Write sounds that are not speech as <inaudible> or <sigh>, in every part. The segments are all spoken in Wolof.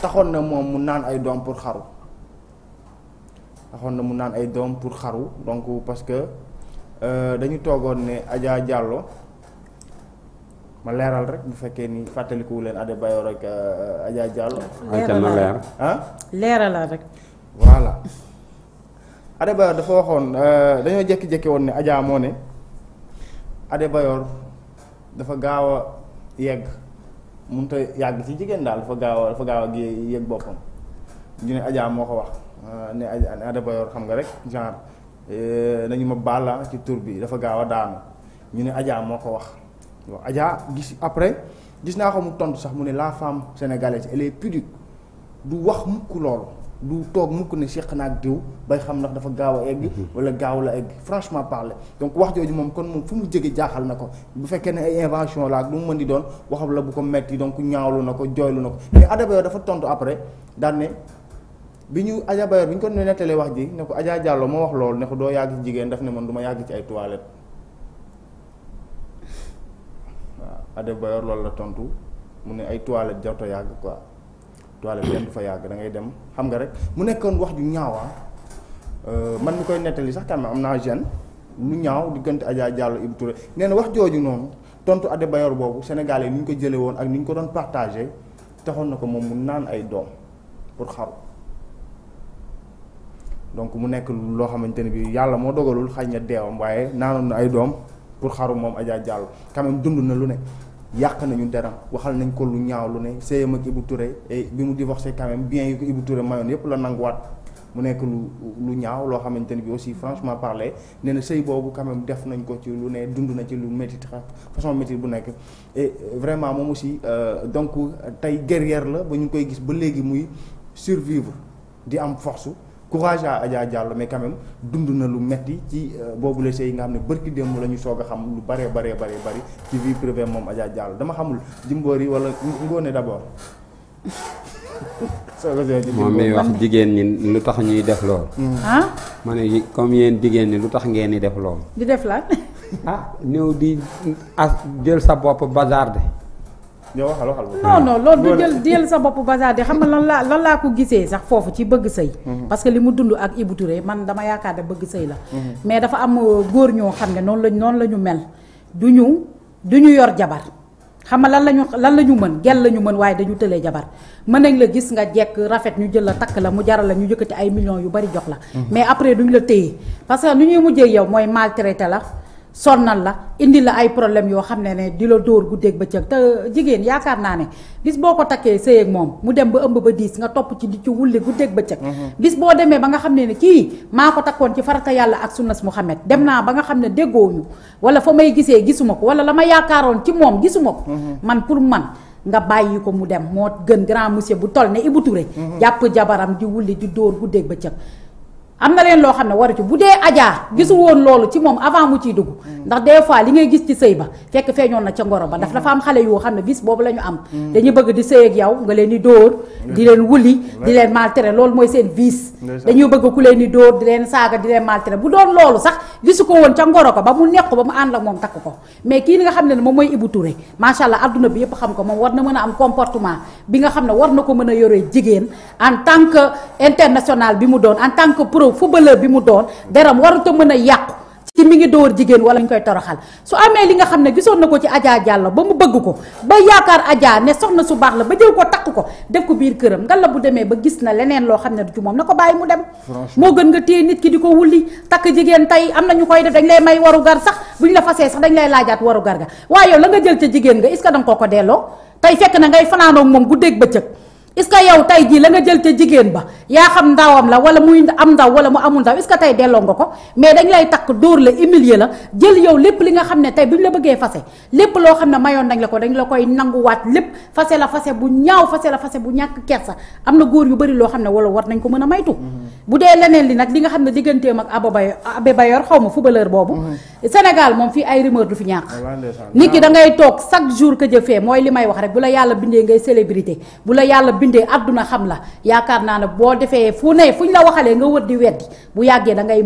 taxoon na moom mu naan ay doom pour xaru taxoon na mu naan ay doom pour xaru donc parce que euh, dañu toogoon ne Adja Diallo ma leeral rek bu fekkee ni fàttalikuwu leen Adja Bayor ak euh, Adja Diallo. leeralal ah leeralal rek. voilà Adja dafa waxoon euh, dañoo jékki-jékki woon ne Adja moo ne Adja Bayor dafa gaaw a yegg. mun a yàgg ci jigéen daal dafa gaaw a dafa gaaw a yëg boppam ñu ne Adja moo ko wax ah, ne Adja Bayor xam nga rek genre eh, nañu ma baala ci tur bi dafa gaaw a daanu ñu ne Adja moo ko wax waaw Adja gis après gis naa ko mu tontu sax mu ne la femme sénégalaise elle est pudique du wax mukk loolu. du toog mukk ne seq na ak diw bay xam ndax dafa gaaw a egg mhm. wala gaaw la egg franchement parler donc wax jooju moom kon moom fu mu jóge jaaxal na ko bu fekkee ne ay invention la ak lu mu mën di doon waxam la bu ko metti donc ñaawlu na ko jooylu na ko mais dafa tontu après daan ne bi ñu Adebayor bi ñu ko nettalee wax ji ne ko Adja Diallo moo wax loolu ne ko doo yàgg ci jigéen daf ne man du yàgg ci ay toilettes waaw Adebayor loolu la tontu mu ne ay toilettes jarto yàgg quoi toilette kenn du fa yàgg dangay dem xam nga rek mu nekkoon wax ju ñaawaa ah. euh, man mi koy nettali sax quand am naa gêne lu ñaaw diggante ajaa Diallo Ibou Touré nee na wax jooju noonu tontu Adebayor boobu Sénégalais yi ni ñu ko jëlee woon ak ni ñu ko doon partagé taxoon na ko moom mu naan ay doom pour xaru donc mu nekk loo xamante ne bi yàlla moo dogalul xaj na deewam waaye naanoon na ay doom pour xaru moom ajaa Diallo quand même dund na lu ne yàq nañu deram waxal nañ ko lu ñaaw lu ne sëyam ak Ibou Touré et eh, bi mu divorcé quand même bien yu ko Ibou Touré mayoon yëpp la nanguwaat mu nekk lu lu ñaaw loo xamante ne bi aussi franchement parler nee na sëy boobu quand def nañ ko ci lu ne dund na ci lu métti façon métti bu nekk et vraiment moom aussi euh, donc tey guerrière la ba ñu koy gis ba léegi muy survivre di am force courage à Adja Diallo mais quand dund na lu metti ci euh, boobu la yi nga xam ne bërki démb la ñu soog xam lu baree baree baree bari ci vie privée moom Adja jàll dama xamul yi wala Ngoné d'abord. <laughs> moom mi wax jigéen ñi lu tax ñuy def lool. Hmm. ah. ma comme yéen jigéen ñi lu tax ngeen di def lool. di def lan. ah ñëw di as jël sa bopp bazarde. yow waxal waxal non non loolu du jël sa bopp basaade xam nga lan laa lan laa ko gisee sax foofu ci bëgg sëy mhm. parce que li mu dund ak Ibou Touré man dama yaakaar ne bëgg sëy la mhm. mais dafa am euh, góor ñoo xam ne noonu lañ noonu la ñu mel du ñu du ñu yor jabar xam nga lan lañu lan la ñu mën gel la ñu mën waaye dañu tëlee jabar mën nañ la gis nga jekk rafet ñu jël la takk la mu jaral la ñu yëkkati ay millions yu bari jox la mhm. mais après duñ la téye parce que nu ñuy mujjee yow mooy maltraité la sonnal la indi la ay problème yoo xam ne ne di la dóor guddeeg bëccëg te jigéen yaakaar naa ne bis boo ko takkee sëy ak moom mu dem ba ëmb ba diis nga topp ci di ci wulli guddeeg bëccëg mhm. bis boo demee ba nga xam ne ne kii maa ko takkoon ci farata yàlla ak sunnas Muhammad dem naa ba nga xam ne déggooñu wala fa may gisee gisuma ko wala la ma yaakaaroon ci moom gisuma ko mhm. man pour man nga bàyyi ko mu dem moo gën grand monsieur bu toll ne Ibou Touré. Mhm. jàpp jabaram di wulli di dóor guddeeg bëccëg am na leen loo xam ne waru bu dee ajaa gisu woon loolu ci moom avant mu ciy dugg mm. ndax des fois li ngay gis ci sëy ba fekk feeñoon na ca ngoro ba daf mm. dafa am xale yoo xam ne bis boobu la am mm. dañuy bëgg di sëy ak yow nga leen di di leen wuli di leen maltraité loolu mooy seen vice dañuy bëgg ku leen di dóor di leen saaga di leen maltraité bu doon sax gisu woon ca ngoro ko ba mu nekk ba ànd moom takk ko mais kii nga xam ne moom mooy Ibou Touré macha allah adduna bi yëpp xam ko moom war na mën a am comportement bi nga xam ne war na ko mën a yore jigéen en tant que international bi mu doon en tant que pro yow footballeur bi mu doon deram war a tam mën a yàqu ci mi ngi dóor jigéen wala ñu koy toroxal su amee li nga xam ne gisoon na ko ci Adja Diallo ba mu bëgg ko ba yaakaar Adja ne soxna su baax la ba jël ko takk ko def ko biir këram nga la bu demee ba gis na leneen loo xam ne du ci moom na ko bàyyi mu dem moo gën nga téye nit ki di ko wulli takk jigéen tey am na ñu koy def dañ lay may waru sax bu ñu la fasee sax dañ lay laajaat waru gar ga waaye la nga jël ca jigéen nga est koo ko delloo tey fekk na ngay fanaanoog moom guddeeg bëccëg est-ce que yow tey jii la nga jël ca jigéen ba yaa xam ndawam la wala muy am ndaw wala mu amul ndaw est-ce que tey delloo nga ko mais dañ lay takk dóor la humilier la jël yow lépp li nga xam ne tey bi ñu la bëggee fase lépp loo xam ne mayoon nañ la ko dañ la koy nanguwaat lépp fase la fase bu ñaaw fase la fase bu ñàkk ker kersa am na góor yu bari loo xam ne wala war nañ ko mën a maytu mm-hmm. bu dee leneen li nag li nga xam ne digganteem ak Ababay Abe Bayor xaw ma footballeur boobu mm-hmm. moom fii ay rumeur du fi ñàkk ki ah. da ngay toog chaque jour que jëfee mooy li may wax rek la yàlla bindee ngay célébrité bindee àdduna xam la yaakaar naa ne boo defee fu ne fuñ la waxalee nga wër di weddi bu yàggee da ngay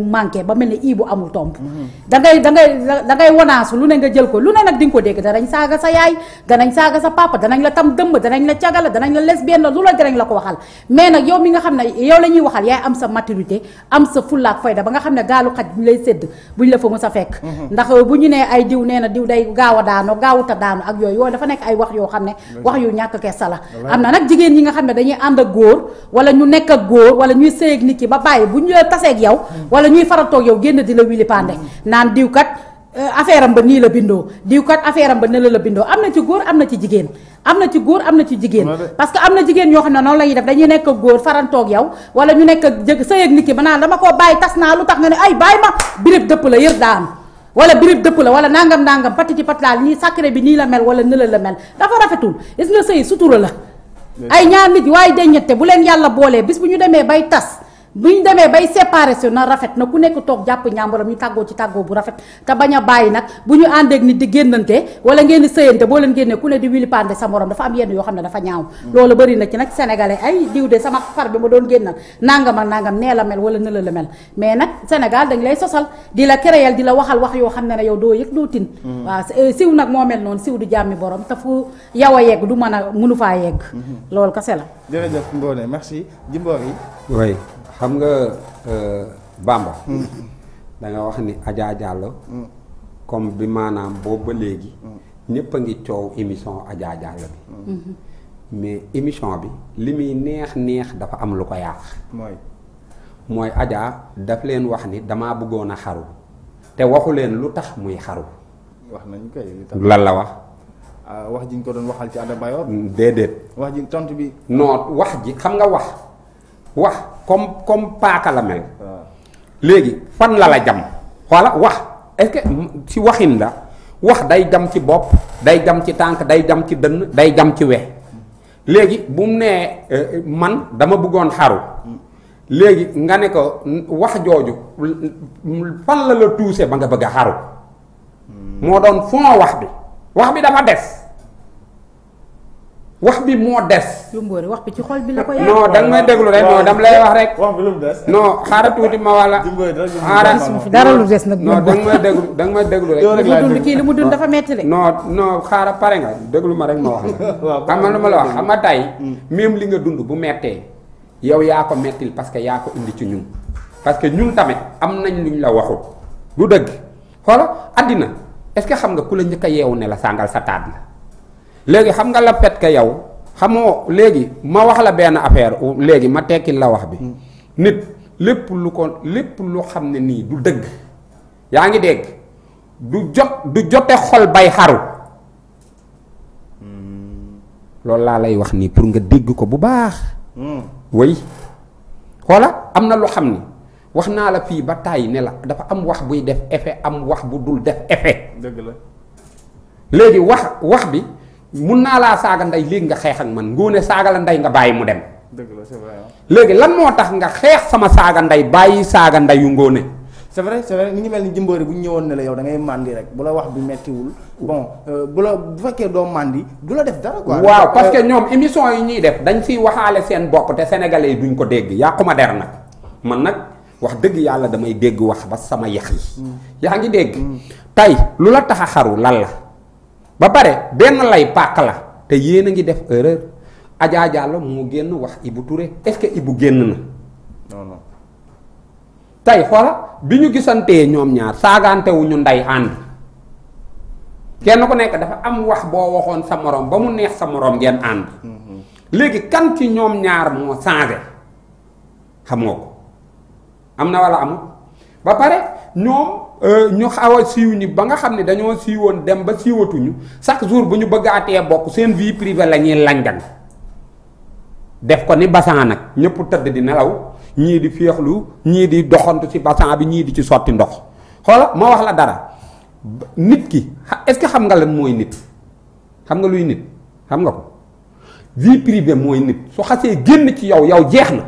ba mel ne ii bu amul tomb mm-hmm. da ngay da ngay da ngay wanaasu lu ne nga jël ko lu ne nag di nga ko dégg danañ saaga sa yaay danañ saaga sa papa danañ la tam dëmb danañ la cagala danañ la lesbienne la lu la danañ la ko waxal mais nag yow mi nga xam ne yow la ñuy waxal yaay am sa maturité am sa fullaak fayda ba nga xam ne gaalu xaj buñ lay sédd buñ la fa mu sa fekk mm-hmm. ndax bu ñu nee ay diw nee na diw day gaaw a daano gaawuta daano ak yooyu yooyu dafa nekk ay wax yoo xam ne wax yu ñàkk kessa la nga xam ne dañuy ànd ak góor wala ñu nekk ak góor wala ñuy sëy nit ki ba bàyyi bu ñu la tasee yow wala ñuy faratoog yow génn di la wili naan diw kat euh, affaire ba nii la bindoo diw kat affaire am ba ne na ci góor am na ci jigéen am na ci góor am na ci jigéen parce que am na jigéen ñoo xam ne noonu la ñuy def dañuy nekk ak góor farantoog yow wala ñu nekk ak jëg sëy nit ki ba naan dama koo bàyyi tas naa lu tax nga ne ay bàyyi ma birib dëpp la yër daanu wala birib dëpp la wala nangam nangam pati ci patlaal ñii sàkkare bi nii la mel wala ne la la mel dafa rafetul gis nga sëy sutura la ay ñaan nit waaye day ñette bu leen yàlla boolee bis bu ñu demee bay tas buñ demee bay séparé si na rafet na ku nekk toog jàpp ñàmbaram ñu tàggoo ci tàggoo bu rafet te bañ a bàyyi nag bu ñu àndeek nit di génnante wala ngeen di sëyante boo leen génnee ku ne di wili pande sa morom dafa am yenn yoo xam ne dafa ñaaw loolu bëri na ci nag sénégalais de sama far bi ma doon génnal nangam ak nangam nee la mel wala ne la la mel mais nag sénégal dañ lay sosal di la créer di la waxal wax yoo xam ne ne yow doo yëg loo tin mm-hmm. waaw siw nag moo mel noonu siw du jàmmi borom te fu yow a yegg du mën a mënu faa yegg mm-hmm. loolu kase la jërëjëf Ngoné merci Djimbori xam nga euh, Bamba. da wax ni Adja comme bi maanaam boobu ba léegi. ñëpp a ngi coow émission Adja Diallo bi. mais émission bi li muy neex neex dafa am lu ko yàq. mooy mooy Adja daf leen wax ni dama bëggoon a xaru. te waxu leen lu tax muy xaru. wax nañu kay lan la wax. Ah, wax ji ñu ko doon waxal ci Adama Bayor. déedéet. wax ji tontu bi. non wax ji xam nga wax. wax comme comme paaka la mel. Ah. léegi fan la la jam xoola wax est-ce waxin la wax day jam ci bopp day jam ci tànk day jam ci dënn day jam ci we léegi bu mu nee euh, euh, man dama bëggoon xaru léegi nga ne ko wax jooju fan la la tuuse ba nga bëgg a xaru hmm. moo doon fond wax bi wax bi dama des wax bi moo des. Yumbori wax bi ci xol bi la ko yàq. non danga may déglu rek non dama lay wax rek. wax bi lu mu des. non xaaral tuuti ma wala. dara lu des nag. non danga may danga may déglu rek. li mu dund kii li mu dund dafa métti rek. noo non xaaral pare nga déglu ma rek ma wax la. <laughs> xam lu ma la wax xam nga tey. Hmm. li nga dund bu méttee. yow yaa ko mettil parce que yaa ko indi ci ñun. parce que ñun tamit am nañ luñ la waxul. du dëgg xoola addina est-ce que xam nga ku la njëkk a yeewu ne la sàngal sa taat la. léegi xam nga la pet ka yow xamoo léegi ma wax la benn affaire léegi ma tekkil la wax bi nit lépp lu ko lépp lu xam ne nii du dëgg yaa ngi dégg du jot du jote xol bay xaru loolu laa lay wax nii pour nga dégg ko bu baax way xoola am na lu xam ne wax naa la fii ba tàyyi ne la dafa am wax buy def effet am wax bu dul def effet dëgg la léegi wax wax bi mun naa laa saaga ndey léegi nga xeex ak man ngoone saaga la ndey nga bàyyi mu dem. dëgg léegi lan moo tax nga xeex sama saaga ndey bàyyi saaga ndeyu ngoone. c'est vrai c'est vrai ngi mel ni jëmboori bu ñu ñëwoon ne la yow da ngay màndi rek bu la wax bi mettiwul bon euh, bu la bu fekkee doo màndi du la def dara quoi. waaw parce que euh, ñoom émission yi ñuy def dañ siy waxaale seen bopp te sénégalais yi duñ ko dégg yàquma der nag man nag wax dëgg yàlla damay dégg wax ba sama yax yi. Mm. yaa ngi dégg. Mm. tey lu la tax a xaru lan ba pare benn lay pàq la te yéen a ngi def erreur Adja Diallo moo génn wax Ibou ture est-ce que Ibou génn na. non non tey xoola bi ñu gisantee ñoom ñaar saagante wu nday ànd kenn ku nekk dafa am wax boo waxoon sa morom ba mu neex sa moroom ngeen ànd. Mhm. léegi kan ci ñoom ñaar moo changé xam nga ko am na wala amul ba pare ñoom. Euh, ñu xaw a siiw ñi ba nga xam ne dañoo siiwoon dem ba siiwatuñu chaque jour bu ñu bëggaatee bokk seen vie privée la ñuy lanjang def ko ni basan nag ñëpp tëdd di nelaw ñii di féexlu ñii di doxantu ci basan bi ñii di ci sotti ndox xoola ma wax la dara nit ki est-ce que xam nga lan mooy nit xam nga luy nit xam nga ko vie privée mooy nit su xasee génn ci yow yow jeex na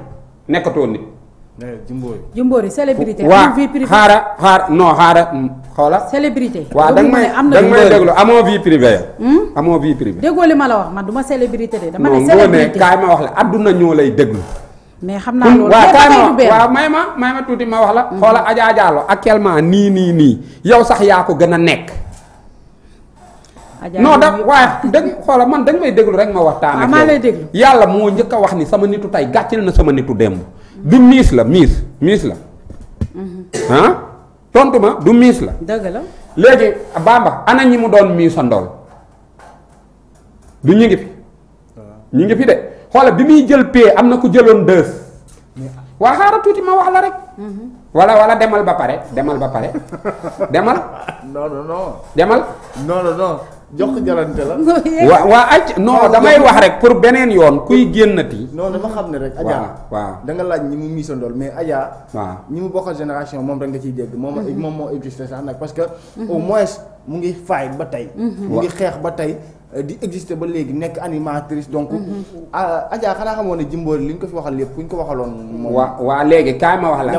nekkatoo nit Jimbori Jimbori célébrité. waa xaara xaar non xaara mm, xoola. célébrité waaw da nga may da am may déglu amoo vie privée. Hmm? amoo vie privée. déggoo li ma la wax man du ma célébrité de. dama ne célébrité non kaay ma wax la adduna ñoo lay déglu. mais xam naa hmm, loolu lépp may ma may ma tuuti ma wax la. Hmm. xoola Adja Diallo actuellement nii nii nii yow sax yaa ko gën a nekk. non da waaye dégg xoola man da may déglu rek ma waxtaan ah, ak yow. maa lay déglu yàlla moo njëkk wax ni sama nitu tey gàcceel na sama nitu démb du miis la miis miis la. ah tontu ma du miis la. dëgg la léegi Bamba ana ñi mu doon miisa ndool du ñu ngi fi. ñu ngi fi de xoola bi muy jël pee am na ku jëloon deux. waa tuuti ma wax la rek. Mhm. wala wala demal ba pare demal ba pare <laughs> demal. non non non. demal. non non non. jox jarante la. <laughs> wa waa aj non damay wax rek pour beneen yoon kuy génnati. non dama xam ne rek. Adja waa da nga laaj ñi mu miisandool mais Adja. waaw ñi mu bokk génération moom rek nga ciy dégg. moom mm-hmm. moom moo existé sax nag parce que. Mm-hmm. au moins mu ngi faay ba tey. Mm-hmm. mu ngi xeex ba tey. Euh, di exister ba léegi nekk animatrice donc. Mhm. Euh, Adja xanaa xamoon ne Djimbory li ñu ko fi waxal lépp ku ñu ko waxaloon. waa waa léegi kaay ma wax la.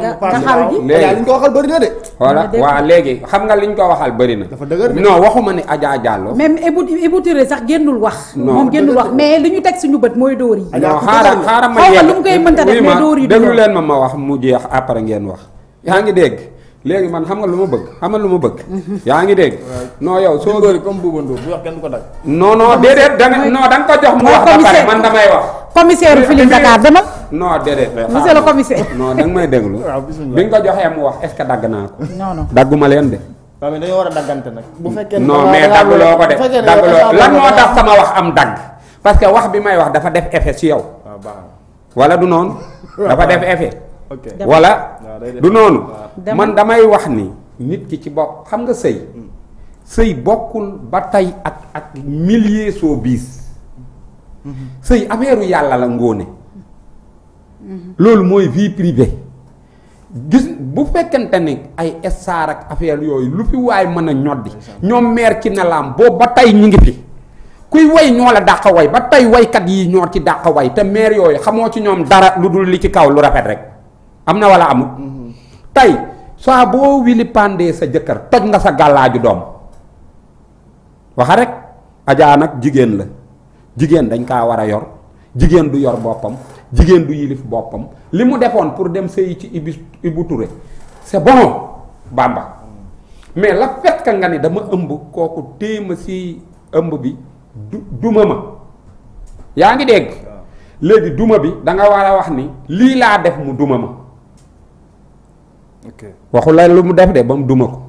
léegi li ñu ko waxal bëri na de. voilà waa léegi xam nga li ñu ko waxal bëri na. dafa dëgër de non waxuma ne Adja Diallo. même Ibou Ibou sax génnul wax. moom génnul wax mais li ñu teg suñu bët mooy dóor yi. non xaaral xaaral ma yegg xaw lu mu koy mënta def mais dóor yi déglu leen ma ma wax mu jeex après ngeen wax yaa ngi dégg. léegi man xam nga lu ma bëgg xam nga lu ma bëgg. yaa ngi dégg. non yow soo góor comme ko dagg. non non déedéet da nga non ko jox mu wax ba pare man damay wax. commissaire Feeling Dakar demal. non déedéet. monsieur le commissaire. non da nga may déglu. ko joxee mu wax est-ce que dagg naa ko. non non dagguma leen de. waaw mais war a daggante nag. bu fekkee non mais dagguloo ko de dagguloo lan moo tax sama wax am dagg. parce que wax bi may wax dafa def effet ci yow. Ah, wala du noonu. <laughs> dafa def effet. wala du noonu man damay wax ni nit ki ci bopp xam nga sëy sëy bokkul ba tey ak ak millier soo biis sëy affaire yàlla la ngóone loolu mooy vie privée gis bu fekkente ni ay estaar ak affaire yooyu lu fi waay mën a ñoddi ñoom meer ci nelaam boobu ba tey ñu ngi fi kuy woy ñoo la dàq woy ba tey waykat yi ñoo ci dàq way te meer yooyu xamoo ci ñoom dara lu dul li ci kaw lu rafet rek am na wala amut mhm. tey soit boo wili pandee sa jëkkër toj nga sa gàllaaju doom waxa rek ajaa nag jigéen la jigéen dañ kaa war a yor jigéen du yor boppam jigéen du yilif boppam li mu defoon pour dem sëyi ci ibi Ibou Touré c'est bon Bamba mhm. mais la fait que nga ni dama ëmb kooku téema si ëmb bi du duma ma yaa ngi dégg léegi duma bi danga war a wax ni lii laa def mu duma ma waxu la lu mu def de ba mu duma ko.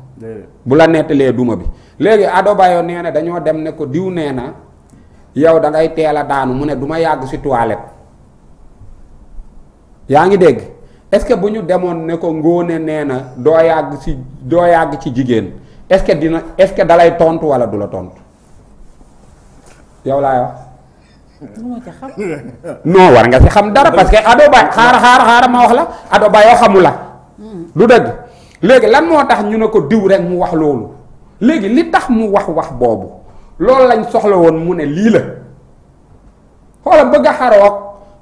bu la nettalee duma bi. léegi Ado Bayo nee na dañoo dem ne ko diw nee na yow da ngay teel a daanu mu ne duma ma yàgg si toilette yaa ngi dégg est-ce que bu ñu demoon ne ko ngóone nee na doo yàgg si doo yàgg ci jigéen est-ce que dina est-ce que dalay tontu wala du la tontu yow laay wax. <laughs> non war nga si xam dara parce que Ado Bayo xaar ma wax la Ado Bayo xamu la. du dëgg léegi lan moo tax ñu ne ko diw rek mu wax loolu léegi li tax mu wax wax boobu loolu lañ soxla woon mu ne lii la xoolal bëgg a xaroog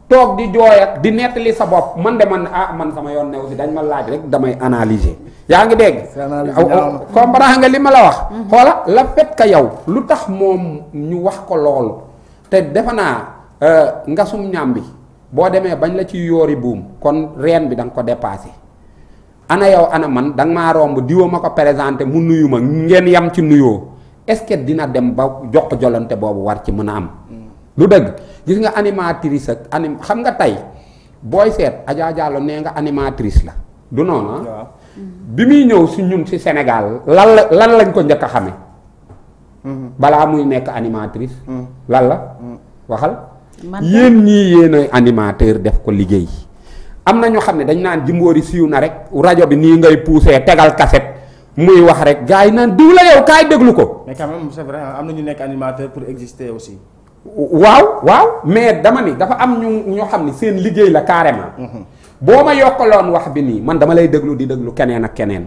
toog di jooyat di nettali sa bopp man de man ah man sama yoon ne aussi dañ ma laaj rek damay analyser yaa ngi dégg comprendre nga li ma la wax mm-hmm. xoola la fait yow lu tax moom ñu wax ko loolu te defe naa euh, ngasum ñaam bi boo demee bañ la ci yoori buum kon reen bi da ko dépassé ana yow ana man da nga maa romb diwa ma ko présenté mu nuyu ma ngeen yam ci nuyoo est-ce dina dem ba jox jolante boobu war ci mën a am. Mm. lu dëgg gis nga animatrice ak anim xam nga tey booy seet Adja nee nga animatrice la du noonu ah? mm. bi muy ñëw si ñun si Sénégal lan lan lañ ko njëkk a xamee. Mm-hmm. balaa muy nekk animatrice. Mm. lan la waxal. yéen ñii yéen ay animateur def ko liggéey. am na ñoo xam ne dañu naan Jimbori siiw na rek rajo bi nii ngay poussé tegal cassette muy wax rek gars yi naan diw la yow kaay déglu ko. mais quand même am na ñu nekk animateur pour exister aussi. waaw waaw mais dama ni dafa am ñu ñoo xam ne seen liggéey la carrément. Mhm. boo ma yokkaloon wax bi nii man dama lay déglu di déglu keneen ak keneen.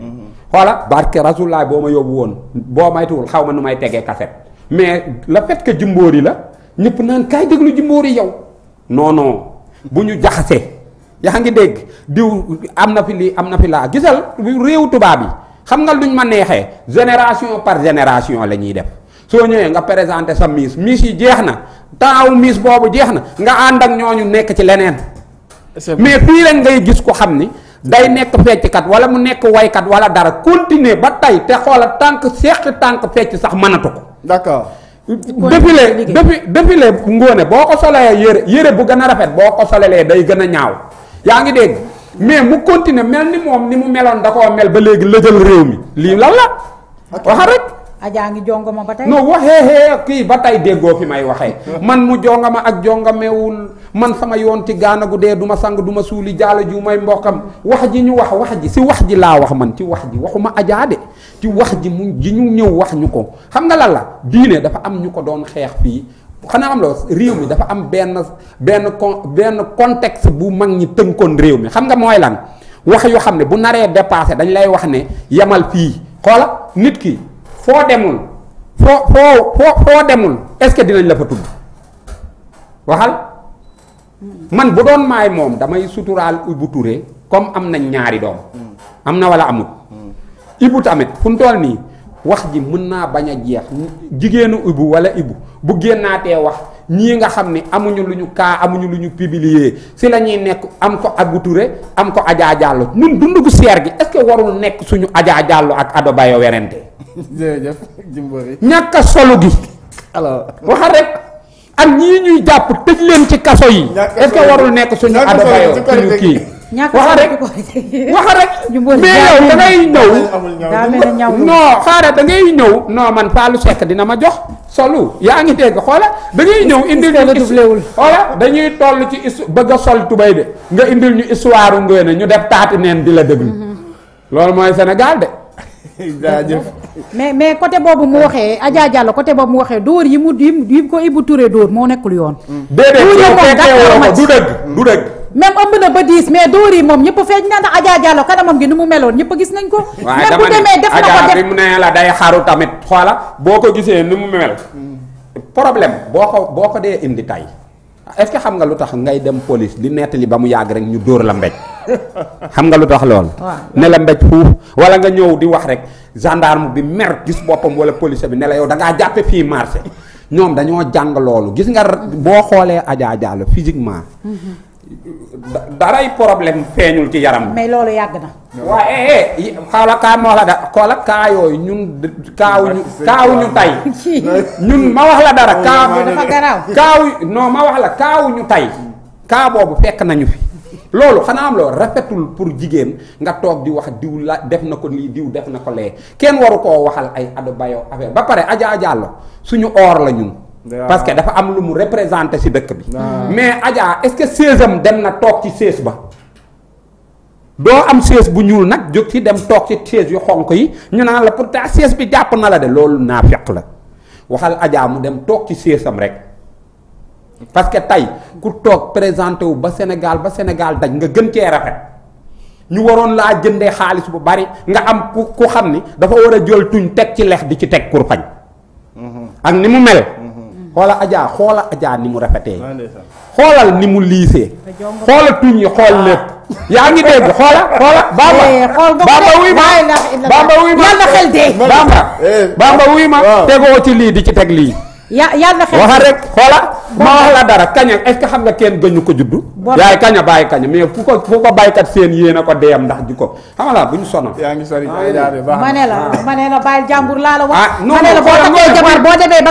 xoola mhm. barke rasulaay boo ma yóbbu woon boo maytuwul xaw ma nu may tegee cassette mais la fait que Jimbori la ñëpp naan kaay déglu Jimbori yow non non bu ñu jaxasee. yaa ngi dégg diw am na fi lii am na fi laa gisal réew tubaab yi xam nga lu luñ ma neexee génération par génération la ñuy def soo ñëwee nga présenté sa miis miis yi jeex na taaw miis boobu jeex na nga ànd ak ñoo ñu nekk ci leneen. mais fii rek ngay gis ko xam ni day nekk fecckat wala mu nekk waykat wala dara continuer ba tey te xoola tànk seq tànk fecc sax mënatu ko. d'accord. défilé défilé ngóone boo ko solee yére yére bu gën a rafet boo ko solelee day gën a ñaaw. yaa ngi dégg mais mu continuer mel ni moom ni mu meloon da koo mel ba léegi lëjal réew mi lii lan la waxa rek ajaa ngi jongoma ba tey non waxee kii ba tey déggoo fi may waxee man mu jongama ak jongamewul man sama yoon ci gaana gu dee du sang duma ma suuli jaalo ju may mbokkam wax ji ñu wax wax ji si wax ji laa wax man ci wax ji waxuma ajaa de ci wax ji mu ji ñu ñëw wax ñu ko xam nga lan la diine dafa am ñu ko doon xeex fii xanaa am la réew mi dafa am benn benn con benn contexte bu mag ñi tënkoon réew mi xam nga mooy lan wax yoo xam ne bu naree dépassé dañ lay wax ne yemal fii xoola nit ki foo demul foo foo foo foo demul est-ce que dinañ la fa tudd waxal man bu doon maay moom damay suturaal Ibou Touré comme am nañ ñaari doom am na wala amut Ibou tamit fu mu nii wax ji mën naa bañ a jeex jigéenu Ibou wala Ibou bu génnaatee wax ñii nga xam ni amuñu lu ñu kaa amuñu lu ñu publier si la ñuy nekk am ko Abdou Touré am ko Adja Diallo ñun dundu gu seer gi est que warul nekk suñu Adja Diallo ak Ado Bayo werante. <laughs> jërëjëf Jimbori. ñàkk a gi. alors rek ak ñii ñuy jàpp tëj leen ci kaso yi. est warul nekk suñu Ado Bayo suñu kii. ñàkk a rek waxa rek. ñëw. non xaaral da ñëw. non man Fallou Seck dina ma jox. solu yaa ngi dégg xoola da ngay ñëw indil ñu xoola dañuy toll ci is sol tubéy de nga indil ñu histoire ngeen ñu def taati neen di la lu mm-hmm. loolu mooy senegal de <laughs> jaajëf mais mais côté boobu mu waxee Adja Diallo côté boobu mu waxee dóor yi mu yi ko Ibou Touré dóor moo nekkul yoon mm. déedéet du dëgg du dëgg même ëmb na ba diis mais dóor yi moom ñëpp feeñ na na Adja Diallo kanamam gi ni mu meloon ñëpp gis nañ ko. waaye dama ne Adja bi mu ne la day xaru tamit xoola boo ko gisee ni mu mel. Mm. problème boo ko boo ko dee indi tay est-ce que xam nga lu tax ngay dem police di nettali ba mu yàgg rek ñu dóor la mbéj <laughs> xam nga lu tax lool. ne la mbéj fuuf wala nga ñëw di wax rek gendarme bi mer gis boppam wala police bi ne la yow dangaa ngaa jàppe fii marché ñoom dañoo jàng loolu gis nga boo xoolee Adja Diallo physiquement. Mm-hmm. daray problème feeñul ci yaram. mais loolu yàgg na. waaye eh, eh xawla kaa ma wax la da xoola kaa yooyu ñun. kaawuñu kaawuñu tey. <laughs> ñun ma wax la dara. Oh, kaaw dafa garaaw ma wax la kaawuñu tey. kaa boobu fekk nañu fi. loolu xanaa am loolu rafetul pour jigéen nga toog di wax diw la def na ko lii diw def na ko lee kenn waru koo waxal ay ado bayo affaire ba pare Adja suñu or la ñun. parce que dafa am lu mu représenté ci dëkk bi. mais Adja est-ce que séesam dem na toog ci sées ba. doo am sées bu ñuul nag jóg ci dem toog ci sées yu xonq yi ñu naa la pourtant sées bi jàpp na la de loolu naa fekk la waxal Adja mu dem toog ci séesam rek. parce que tey ku toog présenter wu ba Sénégal ba Sénégal daj nga gën cee rafet ñu waroon laa jëndee xaalis bu bari nga am ku ku xam ni dafa war a jël tuñ teg ci lex di ci teg kurpañ. Mm-hmm. ak ni mu mel. xoola ajaa xoola ajaa ni mu rafetee ah, xoolal ni mu liisee xoola tuñ yi xool lépp yaa ngi dégg xoola xoola bamba eh, bamba wuy ma bamba wuy ma yàlla xel dee bamba eh. bamba wuy ma tegoo ci lii di ci teg lii waxal rek xoola ma wax la dara kaña est xam nga kenn gëñu ko juddu. yaay kaña bàyyi kaña mais fu ko fu ko baykat seen yéen a ko deyam ndax ji ko xam la bu ñu sonal. yaa ngi sori ay daal baax ma ne la ah. ma la bàyyi jàmbur laa la wax. Ah,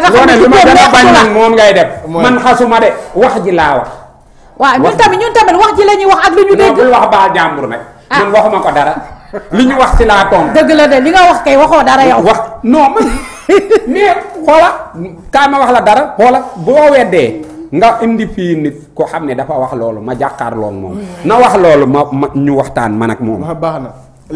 a bañ nag moom ngay def. man xasuma de wax ji laa wax. waaw ñun tamit ñun tamit wax ji la wax ak lu ñu dégg. bul wax ah. ko dara. li ñu wax ci laa toom. dëgg la de li nga wax kay waxoo dara yow. wax non <laughs> mais xoola kaa ma wax la dara xoola boo weddee nga indi fii nit ko xam ne dafa wax loolu ma jàkkaar moom mm. na wax loolu ma ma ñu waxtaan man ak moom ah, baax na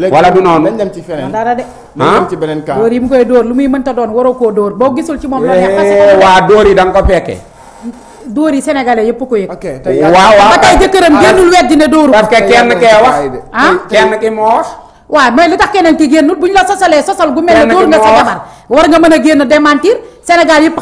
wala du noonu dañ dem ci feneen dara de ah? ci beneen cas dóor yi mu koy dóor lu muy mënta doon waroo koo dóor boo gisul ci moom la neex eh, waa dóor yi da nga ko fekkee dóor yi sénégalais yëpp ko yëg waaw waaw ba tey jëkkëram génnul weddi ne dóoru parce kenn kee wax ah? kenn ki moo wax waaw mais li tax keneen ki génnul bu ñu la sosalee sosal gu mel ne dóor nga sa jabar war nga mën a génn démentir Sénégal yëpp